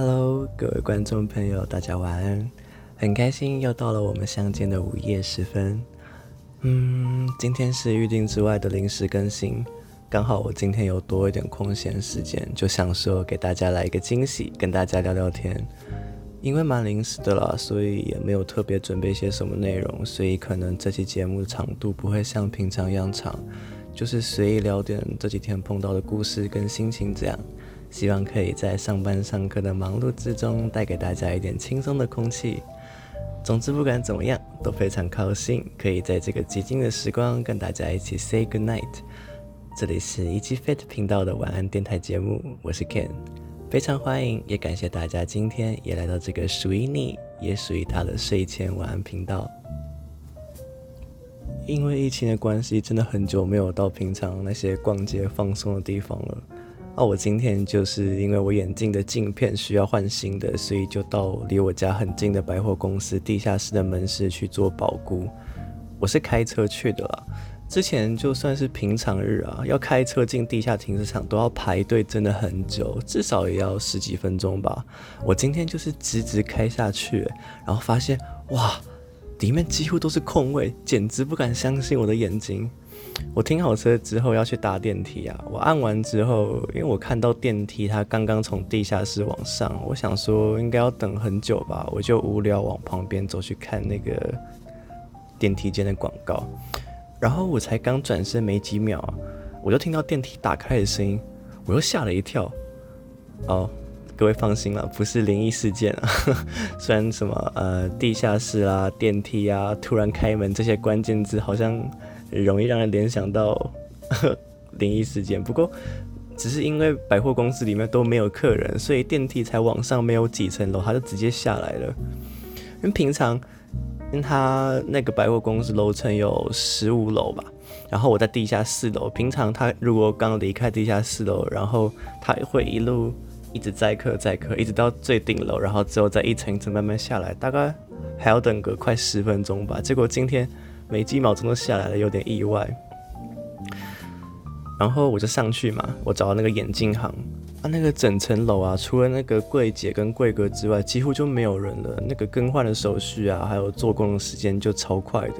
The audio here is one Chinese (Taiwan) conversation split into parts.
Hello，各位觀眾朋友，大家晚安。很開心又到了我們相見的午夜時分。嗯，今天是預定之外的臨時更新，剛好我今天有多一點空閒時間，就想說給大家來一個驚喜，跟大家聊聊天。因為蠻臨時的啦，所以也沒有特別準備些什麼內容，所以可能這期節目的長度不會像平常一樣長，就是隨意聊點這幾天碰到的故事跟心情這樣。希望可以在上班上課的忙碌之中，帶給大家一點輕鬆的空氣。總之，不管怎麼樣，都非常高興，可以在這個寂靜的時光跟大家一起 say good night。這裡是一期 Fit 頻道的晚安電台節目，我是 Ken，非常歡迎，也感謝大家今天也來到這個屬於你，也屬於他的睡前晚安頻道。因為疫情的關係，真的很久沒有到平常那些逛街放鬆的地方了。那、啊、我今天就是因為我眼鏡的鏡片需要換新的，所以就到離我家很近的百貨公司地下室的門市去做保固。我是開車去的啦，之前就算是平常日啊，要開車進地下停車場都要排隊，真的很久，至少也要十幾分鐘吧。我今天就是直直開下去，然後發現，哇，裡面幾乎都是空位，簡直不敢相信我的眼睛。我停好車之後要去搭電梯啊！我按完之後，因為我看到電梯它剛剛從地下室往上，我想說應該要等很久吧，我就無聊往旁邊走去看那個電梯間的廣告。然後我才剛轉身沒幾秒，我就聽到電梯打開的聲音，我又嚇了一跳。哦，各位放心了，不是靈異事件啊。 雖然什麼呃地下室啊、電梯啊、突然開門這些關鍵字好像。容易讓人聯想到靈異事件，不過只是因為百貨公司裡面都沒有客人，所以電梯才往上沒有幾層樓，他就直接下來了。因為平常，因為他那個百貨公司樓層有十五樓吧，然後我在地下四樓，平常他如果剛離開地下四樓，然後他會一路一直載客載客，一直到最頂樓，然後之後再一層一層慢慢下來，大概還要等個快十分鐘吧。結果今天。沒幾秒鐘就下來了，有點意外。然後我就上去嘛，我找到那個眼鏡行啊，那個整層樓啊，除了那個櫃姐跟櫃哥之外，幾乎就沒有人了。那個更換的手續啊，還有做工的時間就超快的，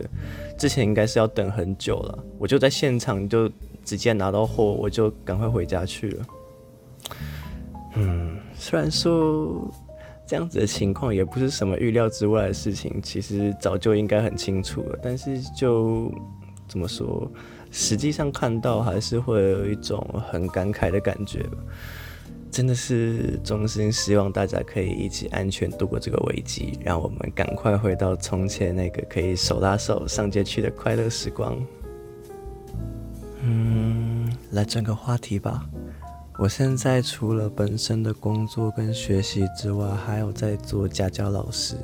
之前應該是要等很久了。我就在現場就直接拿到貨，我就趕快回家去了。嗯，雖然說。這樣子的情況也不是什麼預料之外的事情，其實早就應該很清楚了。但是就怎麼說，實際上看到還是會有一種很感慨的感覺。真的是衷心希望大家可以一起安全度過這個危機，讓我們趕快回到從前那個可以手拉手上街去的快樂時光。嗯，來轉個話題吧。我現在除了本身的工作跟學習之外，還有在做家教老師，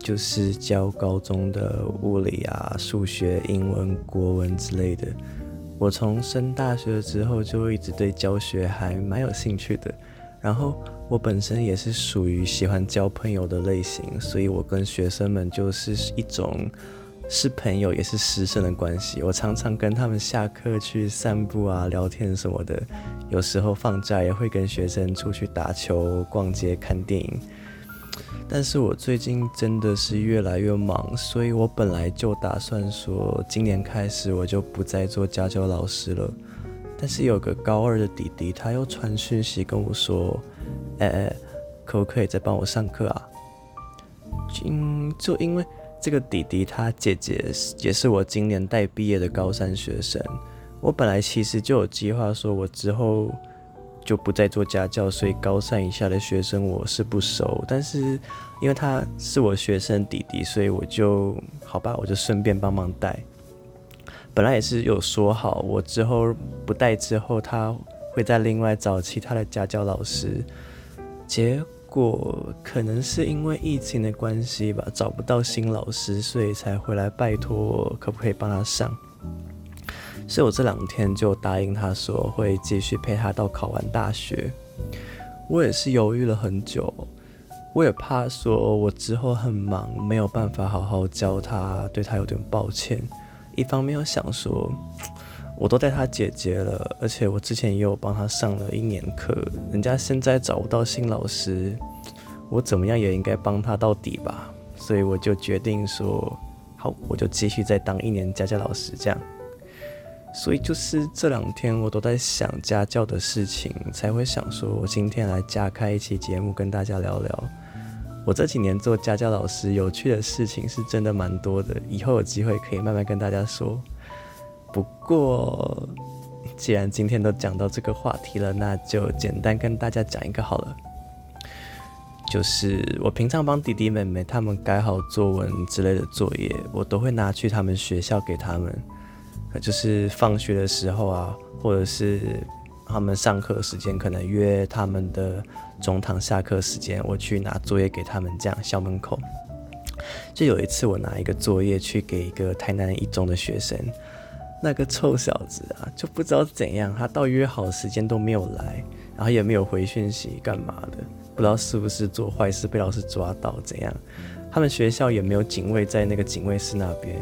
就是教高中的物理啊、數學、英文、國文之類的。我從升大學之後，就一直對教學還蠻有興趣的。然後我本身也是屬於喜歡交朋友的類型，所以我跟學生們就是一種。是朋友也是師生的關係，我常常跟他們下課去散步啊、聊天什麼的。有時候放假也會跟學生出去打球、逛街、看電影。但是我最近真的是越來越忙，所以我本來就打算說今年開始我就不再做家教老師了。但是有個高二的弟弟，他又傳訊息跟我說：“欸欸，可不可以再幫我上課啊？”就因為。這個弟弟，他姐姐也是我今年帶畢業的高三學生。我本來其實就有計劃，說我之後就不再做家教，所以高三以下的學生我是不熟。但是因為他是我學生弟弟，所以我就好吧，我就順便幫忙帶。本來也是有說好，我之後不帶之後，他會再另外找其他的家教老師。結。過可能是因為疫情的關係吧，找不到新老師，所以才回來拜託，可不可以幫他上？所以我這兩天就答應他說會繼續陪他到考完大學。我也是猶豫了很久，我也怕說我之後很忙，沒有辦法好好教他，對他有點抱歉。一方面又想說，我都帶他姐姐了，而且我之前也有幫他上了一年課，人家現在找不到新老師，我怎麼樣也應該幫他到底吧，所以我就決定說，好，我就繼續再當一年家教老師這樣。所以就是這兩天我都在想家教的事情，才會想說我今天來加開一期節目跟大家聊聊，我這幾年做家教老師有趣的事情是真的蠻多的，以後有機會可以慢慢跟大家說。不過，既然今天都講到這個話題了，那就簡單跟大家講一個好了。就是我平常幫弟弟妹妹他們改好作文之類的作業，我都會拿去他們學校給他們。就是放學的時候啊，或者是他們上課時間，可能約他們的中堂下課時間，我去拿作業給他們。這樣校門口。就有一次，我拿一個作業去給一個台南一中的學生。那個臭小子啊，就不知道怎樣，他到約好時間都沒有來，然後也沒有回訊息，幹嘛的？不知道是不是做壞事被老師抓到怎樣？他們學校也沒有警衛在那個警衛室那邊，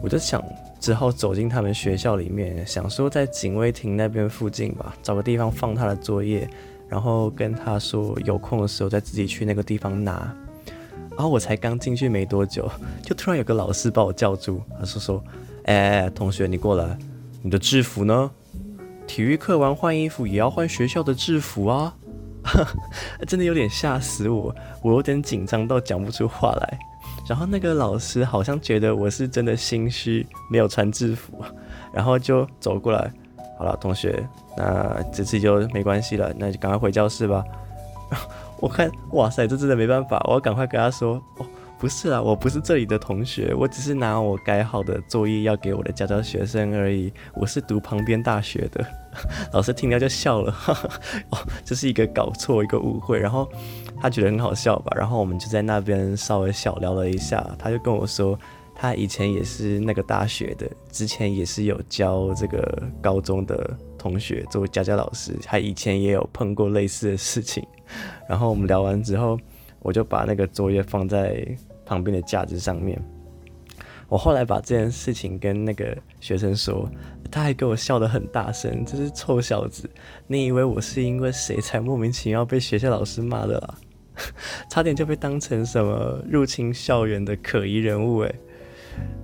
我就想只好走進他們學校裡面，想說在警衛亭那邊附近吧，找個地方放他的作業，然後跟他說有空的時候再自己去那個地方拿。然後我才剛進去沒多久，就突然有個老師把我叫住，他說說，哎、欸，同學，你過來，你的制服呢？體育課完換衣服也要換學校的制服啊！ 真的有點嚇死我，我有點緊張到講不出話來。然後那個老師好像覺得我是真的心虛，沒有穿制服，然後就走過來。好了，同學，那這次就沒關係了，那就趕快回教室吧。 我看，哇塞，這真的沒辦法，我要趕快跟他說。不是啊，我不是這裡的同學，我只是拿我改好的作業要給我的家教學生而已。我是讀旁邊大學的，老師聽到就笑了，呵呵哦，這，就是一個搞錯一個誤會，然後他覺得很好笑吧？然後我們就在那邊稍微小聊了一下，他就跟我說，他以前也是那個大學的，之前也是有教這個高中的同學作為家教老師，他以前也有碰過類似的事情。然後我們聊完之後，我就把那個作業放在。旁邊的架子上面，我後來把這件事情跟那個學生說，他還給我笑得很大聲，這是臭小子，你以為我是因為誰才莫名其妙被學校老師罵的啦？ 差點就被當成什麼入侵校園的可疑人物哎！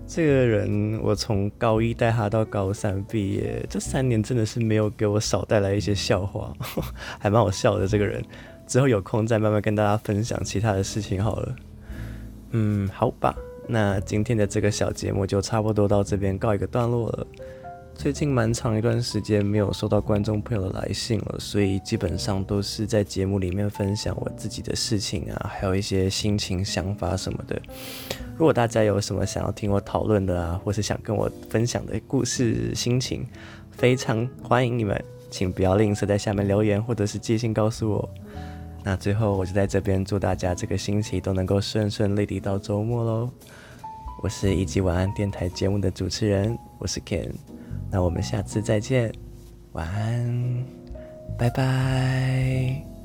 這個人我從高一帶他到高三畢業，這三年真的是沒有給我少帶來一些笑話， 還蠻好笑的。這個人之後有空再慢慢跟大家分享其他的事情好了。嗯，好吧，那今天的這個小節目就差不多到這邊告一個段落了。最近蠻長一段時間沒有收到觀眾朋友的來信了，所以基本上都是在節目裡面分享我自己的事情啊，還有一些心情、想法什麼的。如果大家有什麼想要聽我討論的啊，或是想跟我分享的故事、心情，非常歡迎你們，請不要吝嗇在下面留言，或者是寄信告訴我。那最後，我就在這邊祝大家這個星期都能夠順順利利到周末嘍。我是一集晚安電臺節目的主持人，我是 Ken。那我們下次再見，晚安，拜拜。